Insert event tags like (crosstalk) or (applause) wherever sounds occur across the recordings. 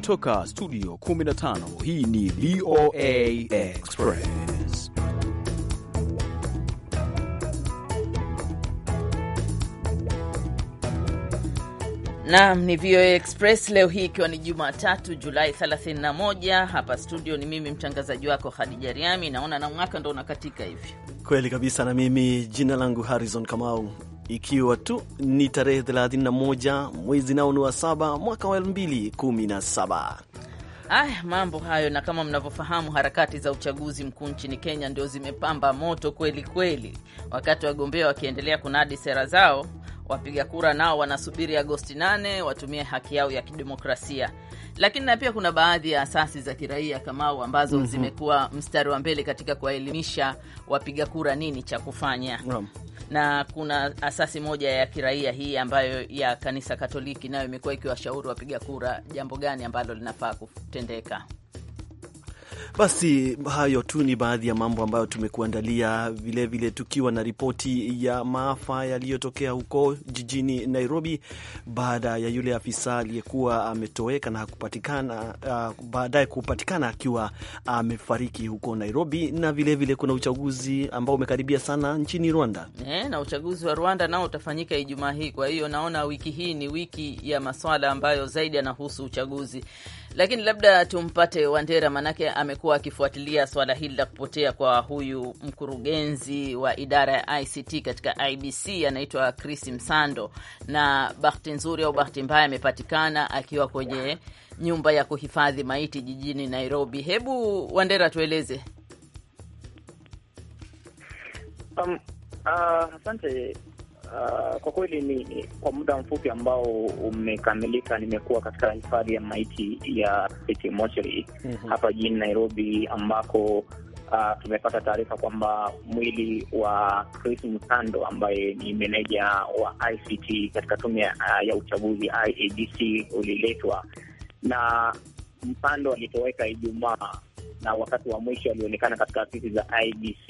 Kutoka studio 15 hii ni VOA Express. Naam, ni VOA Express leo hii ikiwa ni Jumatatu Julai 31. Hapa studio ni mimi mtangazaji wako Khadija Riami. Naona na mwaka ndo unakatika hivyo kweli kabisa, na mimi jina langu Harrison Kamau ikiwa tu ni tarehe 31 mwezi nao ni wa saba mwaka wa 2017. Aya, mambo hayo. Na kama mnavyofahamu, harakati za uchaguzi mkuu nchini Kenya ndio zimepamba moto kweli kweli, wakati wagombea wakiendelea kunadi sera zao Wapiga kura nao wanasubiri Agosti 8 watumie haki yao ya kidemokrasia, lakini na pia kuna baadhi ya asasi za kiraia Kamau ambazo mm -hmm. zimekuwa mstari wa mbele katika kuwaelimisha wapiga kura nini cha kufanya mm -hmm na kuna asasi moja ya kiraia hii ambayo ya kanisa Katoliki nayo imekuwa ikiwashauri wapiga kura jambo gani ambalo linafaa kutendeka. Basi hayo tu ni baadhi ya mambo ambayo tumekuandalia, vilevile tukiwa na ripoti ya maafa yaliyotokea huko jijini Nairobi baada ya yule afisa aliyekuwa ametoweka na hakupatikana, uh, ah, baadaye kupatikana akiwa amefariki uh, huko Nairobi, na vilevile vile kuna uchaguzi ambao umekaribia sana nchini Rwanda e, na uchaguzi wa Rwanda nao utafanyika Ijumaa hii. Kwa hiyo naona wiki hii ni wiki ya maswala ambayo zaidi yanahusu uchaguzi. Lakini labda tumpate Wandera, maanake amekuwa akifuatilia swala hili la kupotea kwa huyu mkurugenzi wa idara ya ICT katika IBC, anaitwa Chris Msando, na bahati nzuri au bahati mbaya amepatikana akiwa kwenye nyumba ya kuhifadhi maiti jijini Nairobi. Hebu Wandera, tueleze. um, uh, asante Uh, kwa kweli ni kwa muda mfupi ambao umekamilika, nimekuwa katika hifadhi ya maiti ya City Mortuary mm -hmm. hapa jijini Nairobi ambako Uh, tumepata taarifa kwamba mwili wa Chris Msando ambaye ni meneja wa ICT katika tume uh, ya uchaguzi IEBC uliletwa, na Mpando alitoweka Ijumaa, na wakati wa mwisho alionekana katika afisi za IBC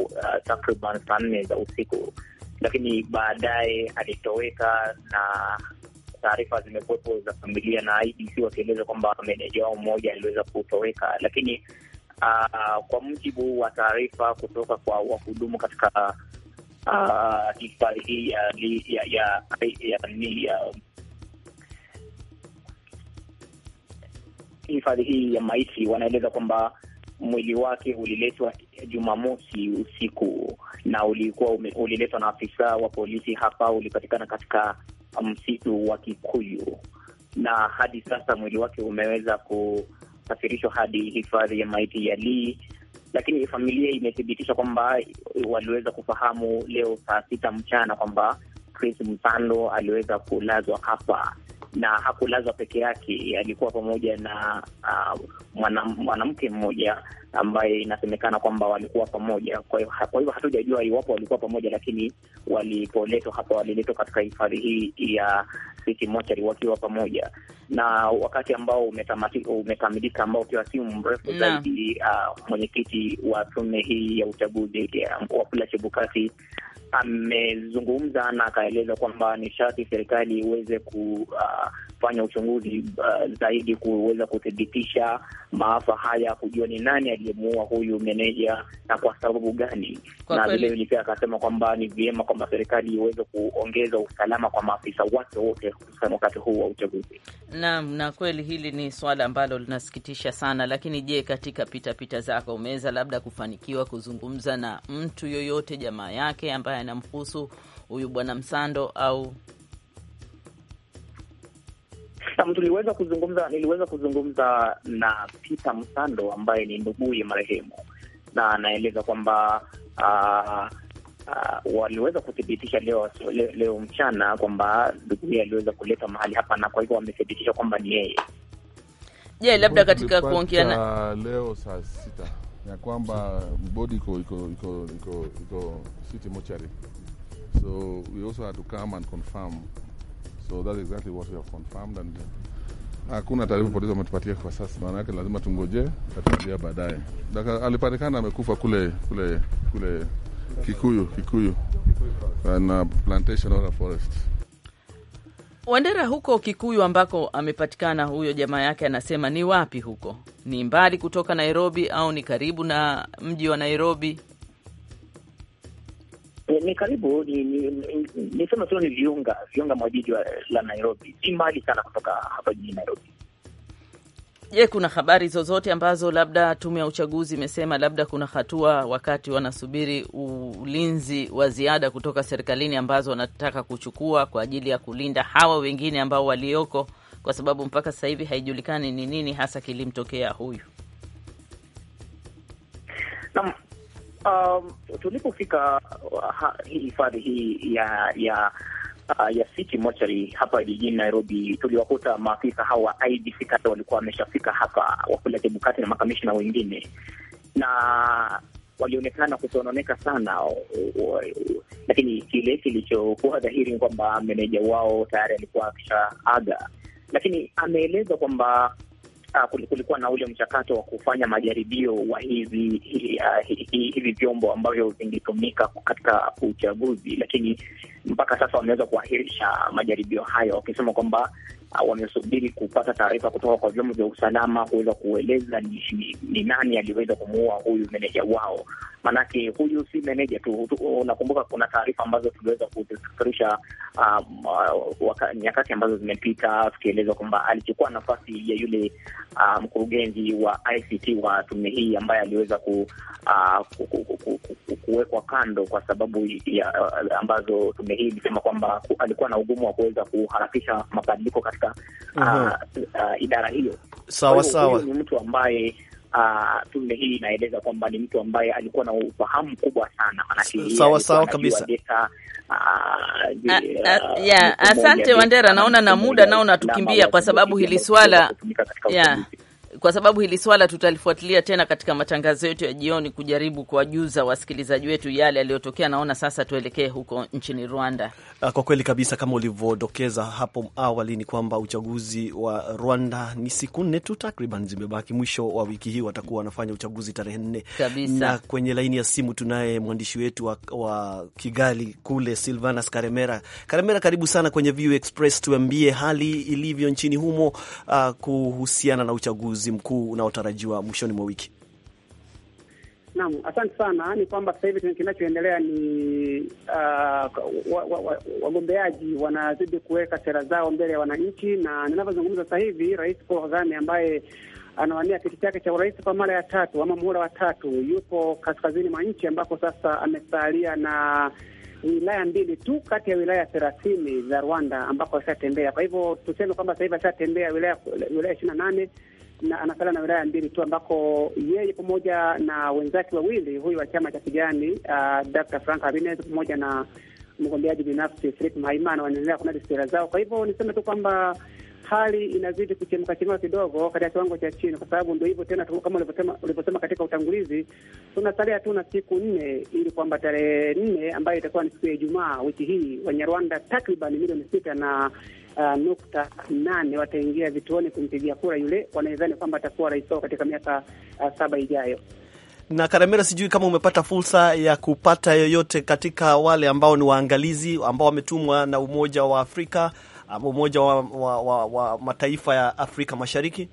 uh, takriban saa nne za usiku lakini baadaye alitoweka na taarifa zimekuwepo za familia na IDC wakieleza kwamba meneja wao mmoja aliweza kutoweka, lakini uh, kwa mujibu wa taarifa kutoka kwa wahudumu katika ah, hifadhi uh, hii ya, ya, ya, ya, ya, hifadhi hii ya maiti wanaeleza kwamba mwili wake uliletwa Jumamosi usiku na ulikuwa uliletwa na afisa wa polisi hapa. Ulipatikana katika msitu wa Kikuyu na hadi sasa mwili wake umeweza kusafirishwa hadi hifadhi ya maiti ya Lee, lakini familia imethibitisha kwamba waliweza kufahamu leo saa sita mchana kwamba Chris Msando aliweza kulazwa hapa na hakulazwa peke yake, alikuwa pamoja na uh, mwanamke mmoja ambaye inasemekana kwamba walikuwa pamoja. Kwa hivyo hatujajua iwapo walikuwa pamoja, lakini walipoletwa hapa, waliletwa katika hifadhi hii ya City Mortuary wakiwa pamoja, na wakati ambao umekamilika, ambao ukiwa si mrefu zaidi, uh, mwenyekiti wa tume hii ya uchaguzi Wafula Chebukati amezungumza na akaeleza kwamba ni sharti serikali iweze ku uh, kufanya uchunguzi uh, zaidi kuweza kuthibitisha maafa haya, kujua ni nani aliyemuua huyu meneja na kwa sababu gani. Kwa na vilevile pia akasema kwamba ni vyema kwamba serikali iweze kuongeza usalama kwa maafisa wake wote, hususan wakati huu wa uchaguzi. Naam, na kweli hili ni swala ambalo linasikitisha sana. Lakini je, katika pitapita pita zako umeweza labda kufanikiwa kuzungumza na mtu yoyote, jamaa yake ambaye anamhusu huyu bwana Msando au Naam, tuliweza kuzungumza, niliweza kuzungumza na Peter Msando ambaye ni nduguye marehemu, na anaeleza kwamba uh, uh, waliweza kuthibitisha leo, leo, leo mchana kwamba nduguye aliweza kuleta mahali hapa, na kwa hivyo wamethibitisha kwamba ni yeye. Je, yeah, labda katika kuongea na leo saa sita ya kwamba body iko iko iko iko city mochari, so we also had to come and confirm So that's exactly what we have confirmed and uh, hakuna taarifa polisi wametupatia kwa sasa, maana yake lazima tungoje tatuambia baadaye. Alipatikana amekufa kule kule kule Kikuyu Kikuyu na plantation or forest Wandera huko Kikuyu ambako amepatikana huyo jamaa yake, anasema ni wapi huko? Ni mbali kutoka Nairobi au ni karibu na mji wa Nairobi? ni karibu nisema tu ni viunga viunga mwa jiji la Nairobi, si mbali sana kutoka hapa jijini Nairobi. Je, kuna habari zozote ambazo labda tume ya uchaguzi imesema labda kuna hatua wakati wanasubiri ulinzi wa ziada kutoka serikalini ambazo wanataka kuchukua kwa ajili ya kulinda hawa wengine ambao walioko, kwa sababu mpaka sasa hivi haijulikani ni nini hasa kilimtokea huyu um, tulipofika uh, hifadhi hii ya ya Uh, ya City Mortuary hapa jijini Nairobi, tuliwakuta maafisa hao wa IDC kadhaa walikuwa wameshafika hapa, Wafula Chebukati na makamishna wengine, na walionekana kusononeka sana, uh, uh, lakini kile kilichokuwa dhahiri ni kwamba meneja wao tayari alikuwa akishaaga, lakini ameeleza kwamba uh, kulikuwa na ule mchakato wa kufanya majaribio wa hivi uh, ah, hivi vyombo ambavyo vingetumika katika uchaguzi, lakini mpaka sasa wameweza kuahirisha majaribio hayo wakisema kwamba Ah, wamesubiri kupata taarifa kutoka kwa vyombo vya usalama kuweza kueleza ni, ni, ni nani aliweza kumuua huyu meneja wao. Maanake huyu si meneja tu. Unakumbuka kuna taarifa ambazo tuliweza kuzisafirisha um, uh, nyakati ambazo zimepita tukieleza kwamba alichukua nafasi ya yule uh, mkurugenzi um, wa ICT wa tume hii ambaye aliweza ku, uh, ku, ku, ku, ku, ku, ku, kuwekwa kando kwa sababu ya uh, ambazo tume hii ilisema kwamba alikuwa na ugumu wa kuweza kuharakisha mabadiliko katika uh -huh. Mhm. uh, uh, idara hiyo. Sawa sawa, ni mtu ambaye Uh, tume hii inaeleza kwamba ni mtu ambaye alikuwa na ufahamu mkubwa sana, manake sawa sawa kabisa. Uh, uh, asante Wandera, naona na muda nao natukimbia, kwa sababu hili swala yeah kwa sababu hili swala tutalifuatilia tena katika matangazo yetu ya jioni kujaribu kuwajuza wasikilizaji wetu yale yaliyotokea. Naona sasa tuelekee huko nchini Rwanda. Ah, kwa kweli kabisa, kama ulivyodokeza hapo awali, ni kwamba uchaguzi wa Rwanda ni siku nne tu takriban zimebaki. Mwisho wa wiki hii watakuwa wanafanya uchaguzi tarehe nne kabisa. Na kwenye laini ya simu tunaye mwandishi wetu wa, wa Kigali kule Silvanas Karemera. Karemera, karibu sana kwenye View Express, tuambie hali ilivyo nchini humo uh, kuhusiana na uchaguzi uchaguzi mkuu unaotarajiwa mwishoni mwa wiki? Naam, asante sana. Ni kwamba sasa hivi kinachoendelea ni uh, wagombeaji wa, wa, wanazidi kuweka sera zao mbele ya wananchi, na ninavyozungumza sasa hivi Rais Paul Kagame ambaye anawania kiti chake cha urais kwa mara ya tatu ama muhula wa tatu yupo kaskazini mwa nchi ambako sasa amesalia na wilaya mbili tu kati ya wilaya thelathini za Rwanda ambako ashatembea. Kwa hivyo tuseme kwamba sasa hivi ashatembea wilaya ishirini na nane na anasalia na wilaya mbili tu ambako yeye pamoja na wenzake wawili, huyu wa chama cha kijani uh, Dr. Frank Habineza pamoja na mgombeaji binafsi Philip Mhaimana wanaendelea kunadi sera zao. Kwa hivyo niseme tu kwamba hali inazidi kuchemka chemka kidogo katika kiwango cha chini, kwa sababu ndio hivyo tena, kama ulivyosema katika utangulizi, tunasalia tu na siku nne ili kwamba tarehe nne ambayo itakuwa ni siku ya Ijumaa wiki hii, Wanyarwanda takriban milioni sita na uh, nukta nane wataingia vituoni kumpigia kura yule wanadhani kwamba atakuwa rais wao katika miaka uh, saba ijayo na karamera sijui kama umepata fursa ya kupata yoyote katika wale ambao ni waangalizi ambao wametumwa na Umoja wa Afrika Umoja wa, wa, wa, wa Mataifa ya Afrika Mashariki?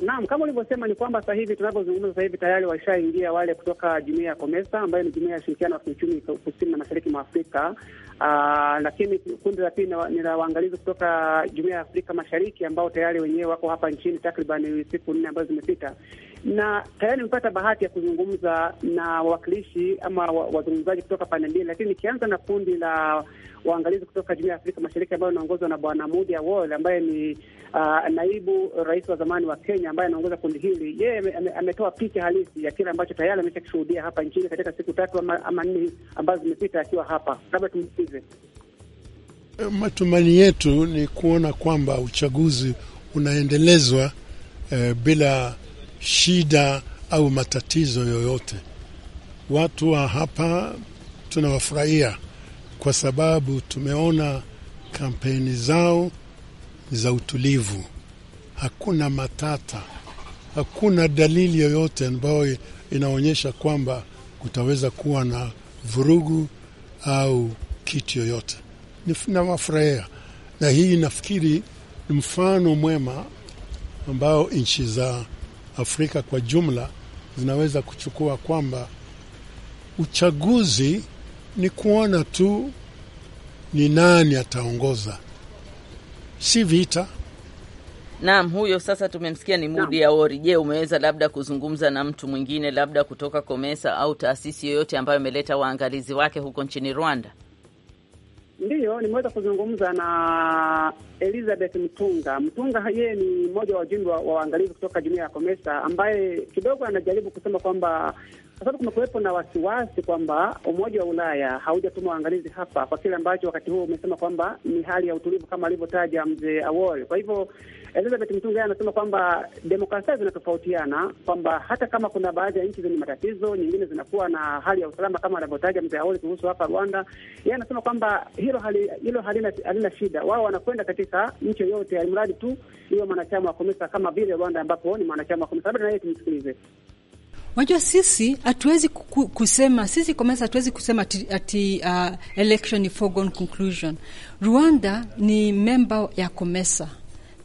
Naam, kama ulivyosema ni kwamba sasa hivi tunavyozungumza, sasa hivi tayari washaingia wale kutoka jumuiya ya COMESA ambayo ni jumuiya ya ushirikiano wa kiuchumi kusini na mashariki mwa Afrika Uh, lakini kundi la pili ni la waangalizi kutoka Jumuiya ya Afrika Mashariki ambao tayari wenyewe wako hapa nchini takriban siku nne ambazo zimepita, na tayari nimepata bahati ya kuzungumza na wawakilishi ama wazungumzaji kutoka pande mbili, lakini nikianza na kundi la waangalizi kutoka Jumuiya ya Afrika Mashariki ambayo inaongozwa na Bwana Moody Awol ambaye ni uh, naibu rais wa zamani wa Kenya ambaye anaongoza kundi hili. Yeye ametoa picha halisi ya kile ambacho tayari amesha kishuhudia hapa nchini katika siku tatu ama, ama nne ambazo zimepita akiwa hapa. Labda tumsikilize uchaguzi? Eh, matumaini yetu ni kuona kwamba uchaguzi unaendelezwa eh, bila shida au matatizo yoyote. Watu wa hapa tunawafurahia kwa sababu tumeona kampeni zao za utulivu. Hakuna matata, hakuna dalili yoyote ambayo inaonyesha kwamba kutaweza kuwa na vurugu au kitu yoyote. Nawafurahia, na hii nafikiri ni mfano mwema ambao nchi za Afrika kwa jumla zinaweza kuchukua kwamba uchaguzi ni kuona tu ni nani ataongoza, si vita. Naam, huyo sasa tumemsikia ni Mudi Aori. Je, umeweza labda kuzungumza na mtu mwingine labda kutoka Komesa au taasisi yoyote ambayo imeleta waangalizi wake huko nchini Rwanda? Ndiyo, nimeweza kuzungumza na Elizabeth Mtunga. Mtunga yeye ni mmoja wa wajumbe wa waangalizi kutoka jumuiya ya Komesa, ambaye kidogo anajaribu kusema kwamba kwa sababu kumekuwepo na wasiwasi kwamba Umoja wa Ulaya haujatuma waangalizi hapa kwa kile ambacho wakati huo umesema kwamba ni hali ya utulivu kama alivyotaja mzee Awol. Kwa hivyo Elizabeth Mtunga anasema kwamba demokrasia zinatofautiana, kwamba hata kama kuna baadhi ya nchi zenye matatizo, nyingine zinakuwa na hali ya usalama kama anavyotaja mzee Hauli kuhusu hapa Rwanda. Yeye anasema kwamba hilo hali, hilo halina, halina shida, wao wanakwenda katika nchi yoyote, alimradi tu hiyo mwanachama wa Komesa kama vile Rwanda ambapo ni mwanachama wa Komesa. Labda na yeye tumsikilize. Unajua, sisi hatuwezi kusema sisi Komesa hatuwezi kusema ati, ati uh, election ni foregone conclusion. Rwanda ni memba ya Komesa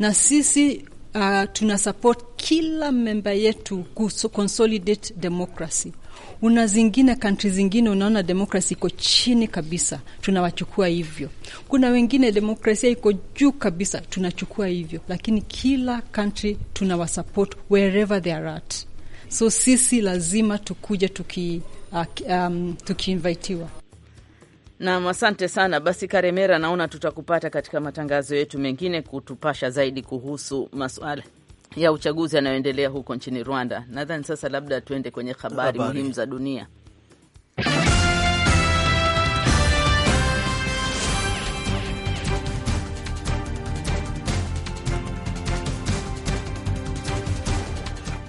na sisi uh, tuna support kila memba yetu consolidate democracy. Una zingine kantri zingine unaona demokrasi iko chini kabisa, tunawachukua hivyo. Kuna wengine demokrasia iko juu kabisa, tunachukua hivyo, lakini kila kantri tunawasupport wherever they are at. So sisi lazima tukuja tuki, uh, um, tukiinvitiwa Nam, asante sana. Basi Karemera, naona tutakupata katika matangazo yetu mengine kutupasha zaidi kuhusu masuala ya uchaguzi yanayoendelea huko nchini Rwanda. Nadhani sasa labda tuende kwenye habari muhimu za dunia.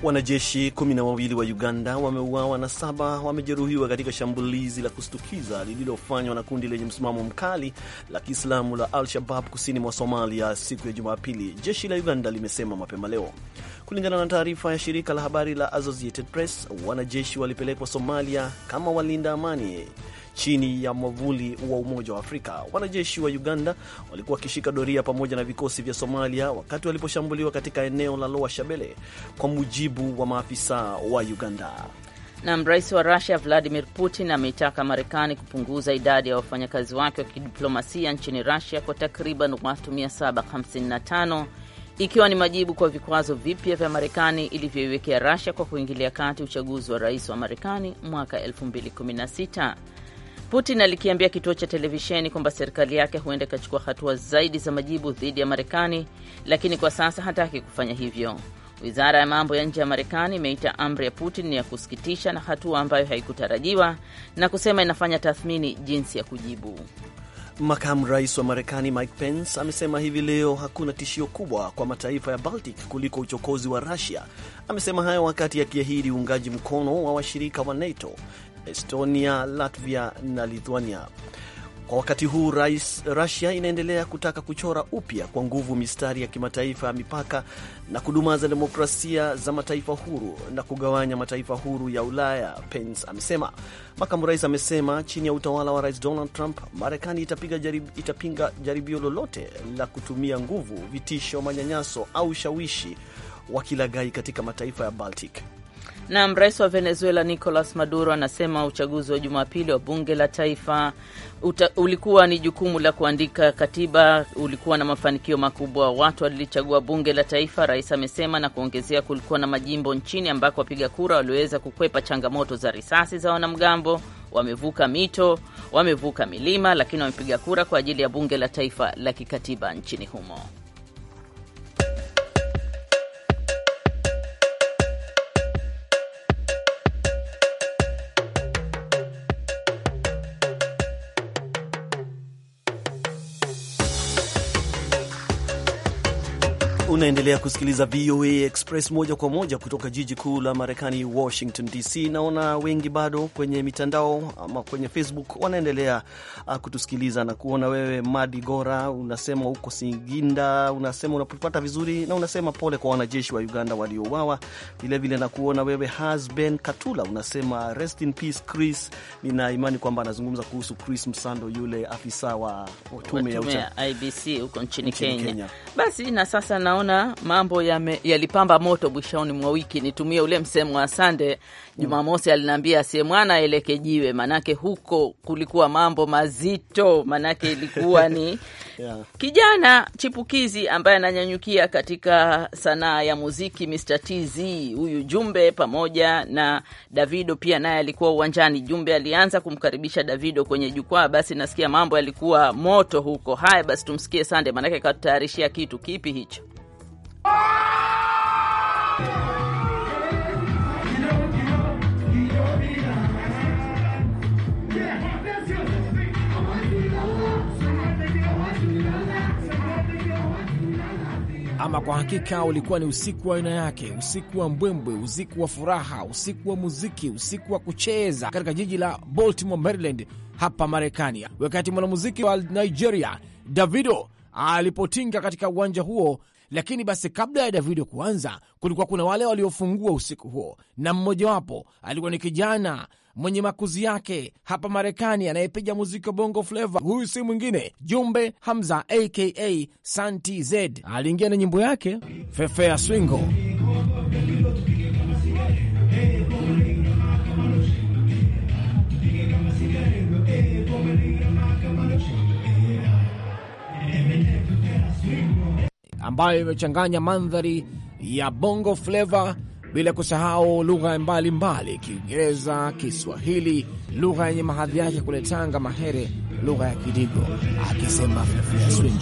Wanajeshi kumi na wawili wa Uganda wameuawa na saba wamejeruhiwa katika shambulizi la kushtukiza lililofanywa na kundi lenye msimamo mkali la Kiislamu la Al-Shabab kusini mwa Somalia siku ya Jumapili, jeshi la Uganda limesema mapema leo. Kulingana na taarifa ya shirika la habari la Associated Press, wanajeshi walipelekwa Somalia kama walinda amani chini ya mwavuli wa Umoja wa Afrika. Wanajeshi wa Uganda walikuwa wakishika doria pamoja na vikosi vya Somalia wakati waliposhambuliwa katika eneo la Lower Shabele, kwa mujibu wa maafisa wa Uganda. nam rais wa Rusia Vladimir Putin ameitaka Marekani kupunguza idadi ya wafanyakazi wake wa kidiplomasia nchini Rusia kwa takriban watu 755 ikiwa ni majibu kwa vikwazo vipya vya Marekani ilivyoiwekea Rusia kwa kuingilia kati uchaguzi wa rais wa Marekani mwaka 2016. Putin alikiambia kituo cha televisheni kwamba serikali yake huenda ikachukua hatua zaidi za majibu dhidi ya Marekani, lakini kwa sasa hataki kufanya hivyo. Wizara ya mambo ya nje ya Marekani imeita amri ya Putin ni ya kusikitisha na hatua ambayo haikutarajiwa na kusema inafanya tathmini jinsi ya kujibu. Makamu rais wa Marekani Mike Pence amesema hivi leo hakuna tishio kubwa kwa mataifa ya Baltic kuliko uchokozi wa Rusia. Amesema hayo wakati akiahidi uungaji mkono wa washirika wa NATO Estonia, Latvia na Lithuania. Kwa wakati huu rais Rusia inaendelea kutaka kuchora upya kwa nguvu mistari ya kimataifa ya mipaka na kudumaza demokrasia za mataifa huru na kugawanya mataifa huru ya Ulaya, Pence amesema. Makamu rais amesema chini ya utawala wa rais Donald Trump, Marekani itapiga jarib, itapinga jaribio lolote la kutumia nguvu, vitisho, manyanyaso au ushawishi wa kilaghai katika mataifa ya Baltic. Nam, rais wa Venezuela Nicolas Maduro anasema uchaguzi wa Jumapili wa bunge la taifa uta, ulikuwa ni jukumu la kuandika katiba, ulikuwa na mafanikio makubwa. Watu walilichagua bunge la taifa, rais amesema, na kuongezea, kulikuwa na majimbo nchini ambako wapiga kura waliweza kukwepa changamoto za risasi za wanamgambo. Wamevuka mito, wamevuka milima, lakini wamepiga kura kwa ajili ya bunge la taifa la kikatiba nchini humo. Unaendelea kusikiliza VOA Express moja kwa moja kutoka jiji kuu la Marekani, Washington DC. Naona wengi bado kwenye mitandao ama kwenye Facebook wanaendelea uh, kutusikiliza na kuona. Wewe Madi Gora unasema huko Singinda, unasema unapata vizuri na unasema pole kwa wanajeshi wa Uganda waliouawa vilevile. Na kuona wewe Hasben Katula unasema rest in peace Chris. Nina imani kwamba anazungumza kuhusu Chris Msando, yule afisa wa tume ya IBC huko nchini Kenya. Kenya. Basi na sasa naona jana mambo yalipamba ya moto mwishoni mwa wiki. Nitumie ule msemo wa Sande Jumamosi, alinaambia asiye mwana aeleke jiwe, manake huko kulikuwa mambo mazito, manake ilikuwa (laughs) ni yeah. kijana chipukizi ambaye ananyanyukia katika sanaa ya muziki Mr TZ huyu Jumbe pamoja na Davido pia naye alikuwa uwanjani. Jumbe alianza kumkaribisha Davido kwenye jukwaa, basi nasikia mambo yalikuwa moto huko. Haya basi tumsikie Sande, manake katutayarishia kitu kipi hicho? Ama kwa hakika ulikuwa ni usiku wa aina yake, usiku wa mbwembwe, usiku wa furaha, usiku wa muziki, usiku wa kucheza katika jiji la Baltimore, Maryland hapa Marekani, wakati mwanamuziki wa Nigeria Davido alipotinga katika uwanja huo lakini basi kabla ya Davido kuanza, kulikuwa kuna wale waliofungua usiku huo, na mmojawapo alikuwa ni kijana mwenye makuzi yake hapa Marekani anayepiga muziki wa bongo fleva. Huyu si mwingine Jumbe Hamza aka Santi Z aliingia na nyimbo yake fefea swingo. ambayo imechanganya mandhari ya bongo flava bila kusahau lugha mbalimbali: Kiingereza, Kiswahili, lugha yenye mahadhi yake kule Tanga Mahere, lugha ya Kidigo, akisema Swingo.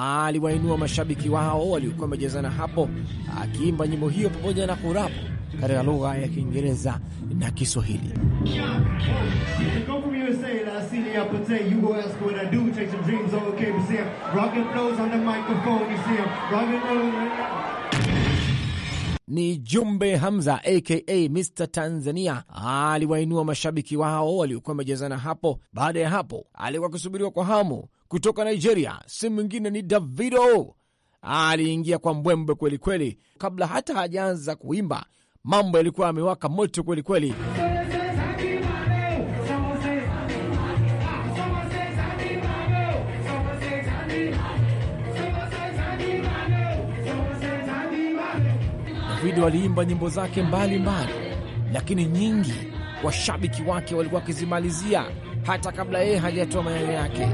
Aliwainua mashabiki wao waliokuwa wamejazana hapo, akiimba nyimbo hiyo pamoja na kurapu katika lugha ya Kiingereza na Kiswahili ni Jumbe Hamza aka Mr Tanzania aliwainua mashabiki wao waliokuwa wamejazana hapo. Baada ya hapo, alikuwa kusubiriwa kwa hamu kutoka Nigeria, si mwingine ni Davido. Aliingia kwa mbwembwe kwelikweli, kabla hata hajaanza kuimba mambo yalikuwa yamewaka moto kwelikweli kweli. Wayahudi waliimba nyimbo zake mbalimbali mbali, lakini nyingi washabiki wake walikuwa wakizimalizia hata kabla yeye hajatoa maneno yake.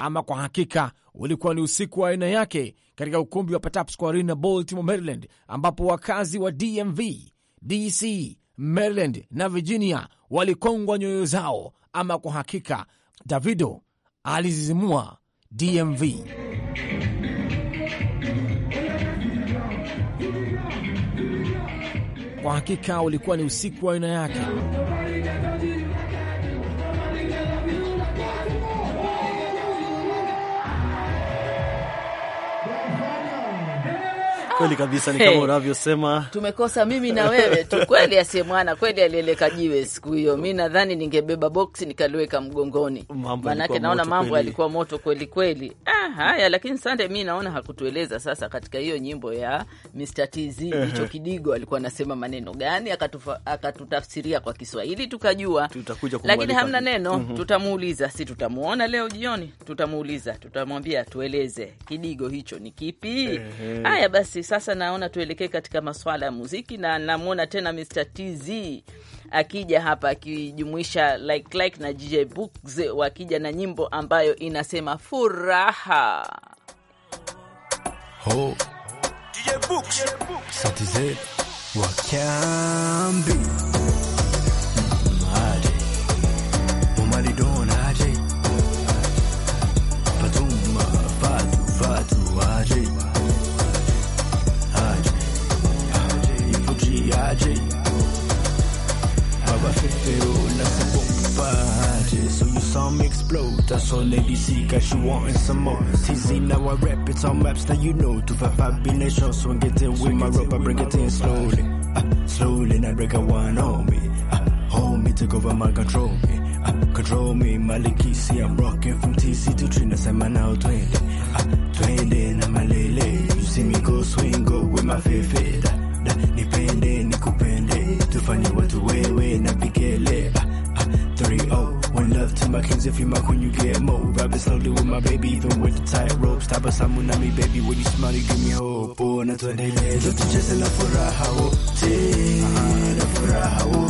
Ama kwa hakika ulikuwa ni usiku wa aina yake katika ukumbi wa Patapsco Arena, Baltimore, Maryland, ambapo wakazi wa DMV, DC, Maryland na Virginia walikongwa nyoyo zao. Ama kwa hakika Davido alizizimua DMV. Kwa hakika ulikuwa ni usiku wa aina yake. Kweli kabisa, ni kama hey, unavyosema tumekosa mimi na wewe tu (laughs) kweli. Asiye mwana kweli alieleka jiwe siku hiyo. Mi nadhani ningebeba boksi nikaliweka mgongoni, manake naona mambo yalikuwa moto kweli kweli. Ah, haya lakini Sande, mi naona hakutueleza sasa katika hiyo nyimbo ya Mr TZ hicho kidigo alikuwa anasema maneno gani, akatutafsiria kwa Kiswahili tukajua, lakini hamna neno mm -hmm. Tutamuuliza, si tutamuona leo jioni, tutamuuliza, tutamwambia tueleze kidigo hicho ni kipi? Haya basi sasa naona tuelekee katika masuala ya muziki, na namwona tena Mr TZ akija hapa akijumuisha like, like na DJ Books wakija na nyimbo ambayo inasema furaha Oh. DJ Books. DJ Books. bahaje Abafefeola sa buong bahaje So you saw me explode That's all Lady C got you wanting some more TZ now I rap it on maps that you know To five So i it in with my rope I bring it in slowly uh, Slowly now break a one on me uh, Hold me take over my control me uh, Control me Malikisi I'm rocking from TC to Trinas and man out twinning uh, Twinning I'm a lele You see me go swing go with my favorite uh, nipende nikupende, tufanye watu wewe na bigele ah, ah, oh, to my kings if you my queen, you get more. Rapping slowly with my baby, even with the tight ropes. Type of someone me, baby. When you smile, you give me hope. Oh, just enough for a na furaha Enough for a wote. Ah,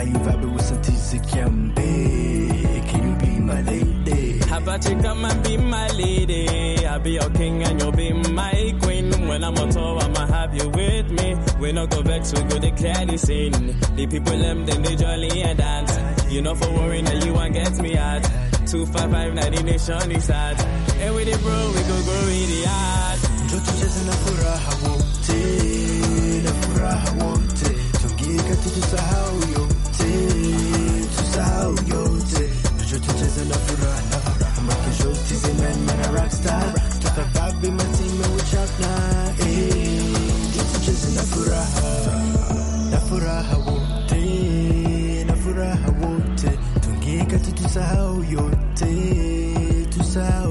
Now you vibing with Satiza Kiambe. Can you be my lady? Have a chick, come and be my lady. I'll be your king and you'll be my queen. When I'm on tour, I'ma have you with me. We no go vex, we go declare the scene. The people them, then they jolly and dance. You know for worrying that you won't get me out. 255 now the nation is sad. And with it, bro, we go grow in the art. Joto cheza na furaha wote, na furaha wote. Tungika tutusahau na furaha make shoti zimeimana rockstar toka babi furaha wote na furaha wote tungika tutusahau yote tusahau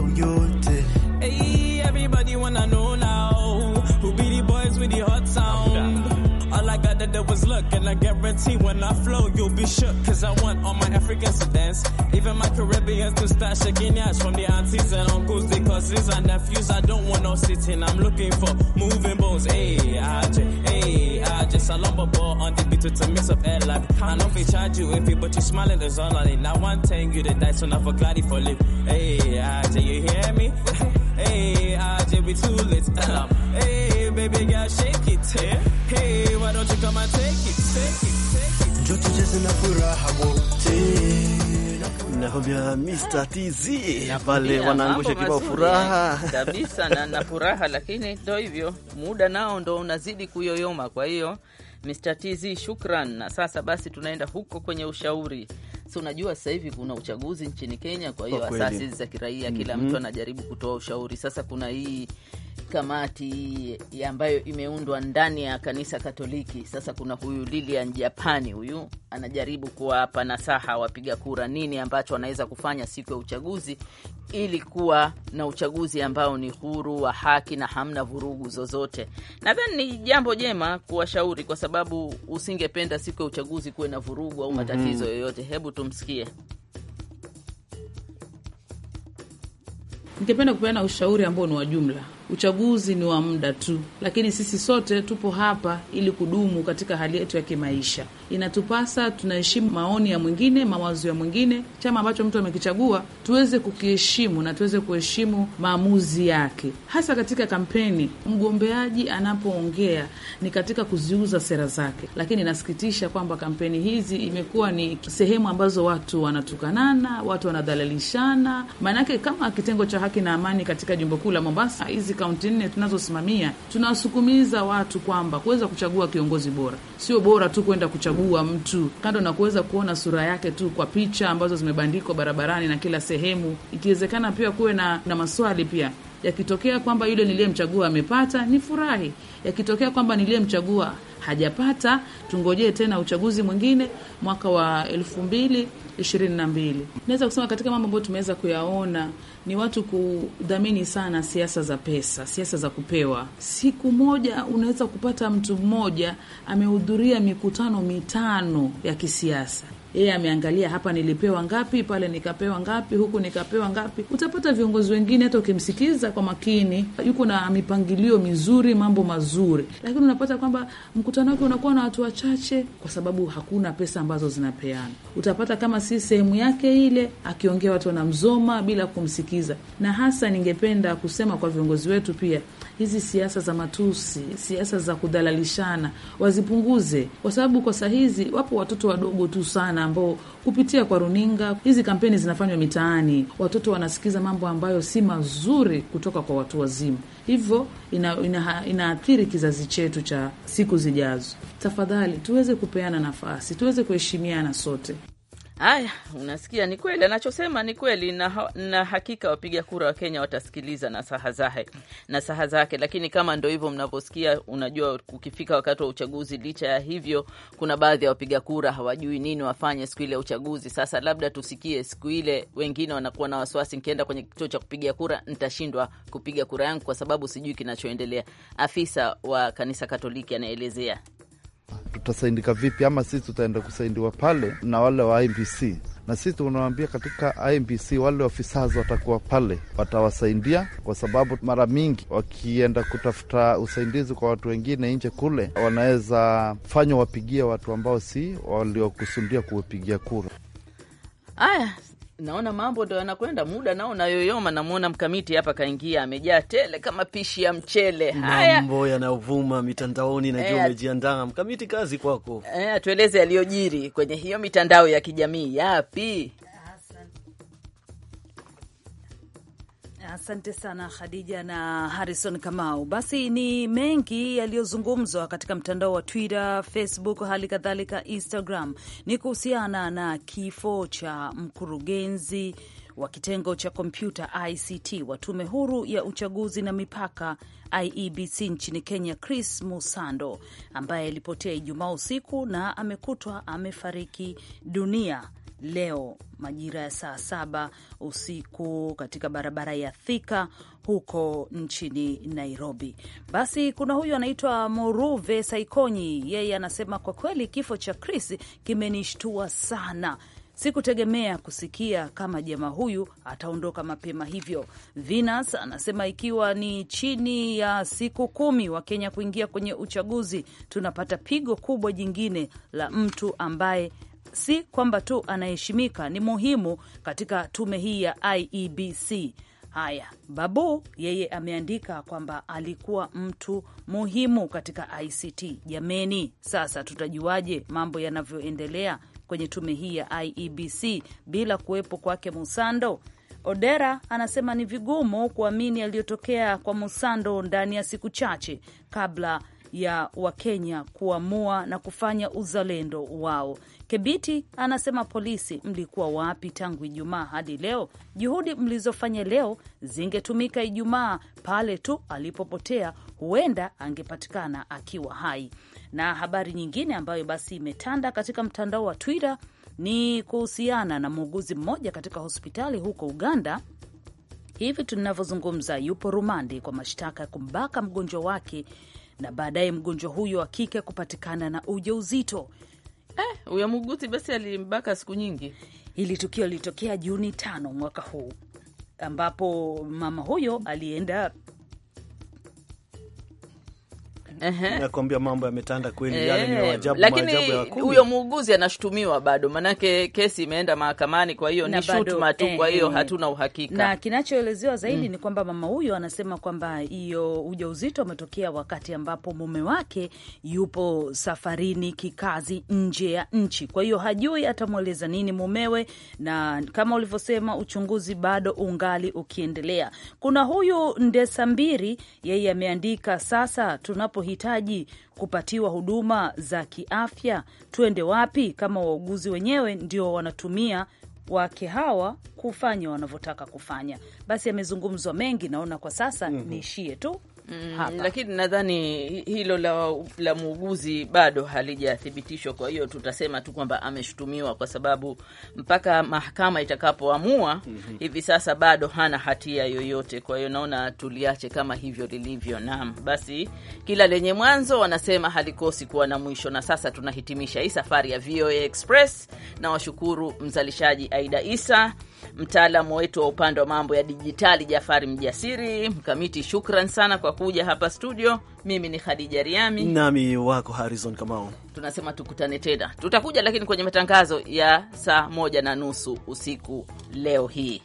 Was look, and I guarantee when I flow, you'll be shook. Cause I want all my Africans to dance, even my Caribbeans to start shaking ass from the aunties and uncles, the cousins and nephews. I don't want no sitting, I'm looking for moving bones. Hey, I just, hey, I just, I lumber ball on the beat to the mix of air life. I know they charge you if you, but you smiling is all I need. Now I'm telling you the dice, enough for gladdy for lip. Hey, I just, you hear me? (laughs) hey, I just, we too late. (laughs) hey, Hey, baby girl, shake it. Yeah. Hey, why don't you come and take it, take it, take it. Njo tucheze na furaha wote. Nakwambia Mr. TZ pale wanaangusha kibao eh. furaha kabisa na na furaha, lakini ndo hivyo, muda nao ndo unazidi kuyoyoma. Kwa hiyo Mr. TZ, shukran. Na sasa basi tunaenda huko kwenye ushauri. Si unajua sasa hivi kuna uchaguzi nchini Kenya, kwa hiyo asasi za kiraia, kila mhm. mtu anajaribu kutoa ushauri. Sasa kuna hii kamati ambayo imeundwa ndani ya kanisa Katoliki. Sasa kuna huyu Lilian Japani, huyu anajaribu kuwapa nasaha wapiga kura nini ambacho wanaweza kufanya siku ya uchaguzi ili kuwa na uchaguzi ambao ni huru wa haki na hamna vurugu zozote. Nadhani ni jambo jema kuwashauri, kwa sababu usingependa siku ya uchaguzi kuwe na vurugu au mhm. matatizo mm -hmm. yoyote. Hebu tumsikie. Ningependa kupeana ushauri ambao ni wa jumla uchaguzi ni wa muda tu, lakini sisi sote tupo hapa ili kudumu katika hali yetu ya kimaisha. Inatupasa tunaheshimu maoni ya mwingine, mawazo ya mwingine, chama ambacho mtu amekichagua tuweze kukiheshimu na tuweze kuheshimu maamuzi yake, hasa katika kampeni. Mgombeaji anapoongea ni katika kuziuza sera zake, lakini inasikitisha kwamba kampeni hizi imekuwa ni sehemu ambazo watu wanatukanana, watu wanadhalilishana. Maanake kama kitengo cha haki na amani katika jimbo kuu la Mombasa hizi kaunti nne tunazosimamia tunawasukumiza watu kwamba kuweza kuchagua kiongozi bora, sio bora tu kwenda kuchagua mtu kando na kuweza kuona sura yake tu kwa picha ambazo zimebandikwa barabarani na kila sehemu. Ikiwezekana pia kuwe na, na maswali pia yakitokea kwamba yule niliyemchagua amepata, ni furahi. Yakitokea kwamba niliyemchagua hajapata, tungojee tena uchaguzi mwingine mwaka wa elfu mbili ishirini na mbili. Naweza kusema katika mambo ambayo tumeweza kuyaona ni watu kudhamini sana siasa za pesa, siasa za kupewa. Siku moja unaweza kupata mtu mmoja amehudhuria mikutano mitano ya kisiasa yeye ameangalia hapa, nilipewa ngapi, pale nikapewa ngapi, huku nikapewa ngapi. Utapata viongozi wengine hata ukimsikiza kwa makini, yuko na mipangilio mizuri, mambo mazuri, lakini unapata kwamba mkutano wake unakuwa na watu wachache, kwa sababu hakuna pesa ambazo zinapeana. Utapata kama si sehemu yake ile, akiongea watu wanamzoma bila kumsikiza. Na hasa ningependa kusema kwa viongozi wetu pia hizi siasa za matusi, siasa za kudhalalishana wazipunguze, kwa sababu kwa saa hizi wapo watoto wadogo tu sana ambao kupitia kwa runinga hizi kampeni zinafanywa mitaani, watoto wanasikiza mambo ambayo si mazuri kutoka kwa watu wazima, hivyo inaathiri ina, ina kizazi chetu cha siku zijazo. Tafadhali tuweze kupeana nafasi, tuweze kuheshimiana sote. Haya, unasikia, ni kweli anachosema, ni kweli na, na hakika wapiga kura wa Kenya watasikiliza nasaha zake, nasaha zake. Lakini kama ndo hivyo mnavyosikia, unajua, ukifika wakati wa uchaguzi, licha ya hivyo, kuna baadhi ya wapiga kura hawajui nini wafanye siku ile ya uchaguzi. Sasa labda tusikie siku ile, wengine wanakuwa na wasiwasi, nkienda kwenye kituo cha kupiga kura ntashindwa kupiga kura yangu kwa sababu sijui kinachoendelea. Afisa wa kanisa Katoliki anaelezea tutasaidika vipi, ama sisi tutaenda kusaidiwa pale na wale wa IMBC na sisi tunawaambia katika IMBC wale wafisazi watakuwa pale, watawasaidia kwa sababu mara mingi wakienda kutafuta usaidizi kwa watu wengine nje kule, wanaweza fanywa wapigie watu ambao si waliokusudia kupigia kura. Aya, Naona mambo ndo yanakwenda, muda nao nayoyoma. Namwona mkamiti hapa kaingia, amejaa tele kama pishi ya mchele. Haya mambo yanayovuma mitandaoni, najua eh, umejiandaa. Mkamiti, kazi kwako. Eh, Tueleze yaliyojiri kwenye hiyo mitandao ya kijamii, yapi? Asante sana Khadija na Harrison Kamau. Basi ni mengi yaliyozungumzwa katika mtandao wa Twitter, Facebook, hali kadhalika Instagram, ni kuhusiana na kifo cha mkurugenzi wa kitengo cha kompyuta ICT wa tume huru ya uchaguzi na mipaka IEBC nchini Kenya, Chris Musando ambaye alipotea Ijumaa usiku na amekutwa amefariki dunia leo majira ya saa saba usiku katika barabara ya Thika huko nchini Nairobi. Basi kuna huyu anaitwa Moruve Saikonyi, yeye anasema kwa kweli kifo cha Chris kimenishtua sana. Sikutegemea kusikia kama jamaa huyu ataondoka mapema hivyo. Venus anasema ikiwa ni chini ya siku kumi wa Kenya kuingia kwenye uchaguzi, tunapata pigo kubwa jingine la mtu ambaye si kwamba tu anaheshimika, ni muhimu katika tume hii ya IEBC. Haya, Babu yeye ameandika kwamba alikuwa mtu muhimu katika ICT. Jameni, sasa tutajuaje mambo yanavyoendelea kwenye tume hii ya IEBC bila kuwepo kwake Musando? Odera anasema ni vigumu kuamini yaliyotokea kwa Musando ndani ya siku chache kabla ya Wakenya kuamua na kufanya uzalendo wao. Kebiti anasema polisi mlikuwa wapi tangu Ijumaa hadi leo? Juhudi mlizofanya leo zingetumika Ijumaa pale tu alipopotea, huenda angepatikana akiwa hai. Na habari nyingine ambayo basi imetanda katika mtandao wa Twitter ni kuhusiana na muuguzi mmoja katika hospitali huko Uganda. Hivi tunavyozungumza, yupo rumande kwa mashtaka ya kumbaka mgonjwa wake na baadaye mgonjwa huyo wa kike kupatikana na ujauzito. Eh, huyo eh, basi alimbaka siku nyingi. Hili tukio lilitokea Juni tano mwaka huu ambapo mama huyo alienda Uh-huh. nakwambia mambo yametanda kweli, yale ni eh, ajabu, lakini huyo muuguzi anashutumiwa bado, manake kesi imeenda mahakamani, kwa hiyo ni shutuma tu, kwa hiyo eh, hatuna uhakika. Na kinachoelezewa zaidi mm, ni kwamba mama huyo anasema kwamba hiyo ujauzito umetokea wakati ambapo mume wake yupo safarini kikazi nje ya nchi, kwa hiyo hajui atamweleza nini mumewe, na kama ulivyosema uchunguzi bado ungali ukiendelea. Kuna huyu Ndesambiri, yeye ameandika sasa tunapo wanahitaji kupatiwa huduma za kiafya, tuende wapi kama wauguzi wenyewe ndio wanatumia wake hawa kufanya wanavyotaka kufanya? Basi amezungumzwa mengi, naona kwa sasa mm -hmm. niishie tu Mm, lakini nadhani hilo la, la muuguzi bado halijathibitishwa. Kwa hiyo tutasema tu kwamba ameshutumiwa, kwa sababu mpaka mahakama itakapoamua mm -hmm. hivi sasa bado hana hatia yoyote. Kwa hiyo naona tuliache kama hivyo lilivyo. Naam, basi kila lenye mwanzo wanasema halikosi kuwa na mwisho, na sasa tunahitimisha hii safari ya VOA Express na washukuru mzalishaji Aida Isa mtaalamu wetu wa upande wa mambo ya dijitali Jafari Mjasiri. Mkamiti, shukran sana kwa kuja hapa studio. Mimi ni Khadija Riami nami wako Harizon Kamau. Tunasema tukutane tena, tutakuja lakini kwenye matangazo ya saa moja na nusu usiku leo hii.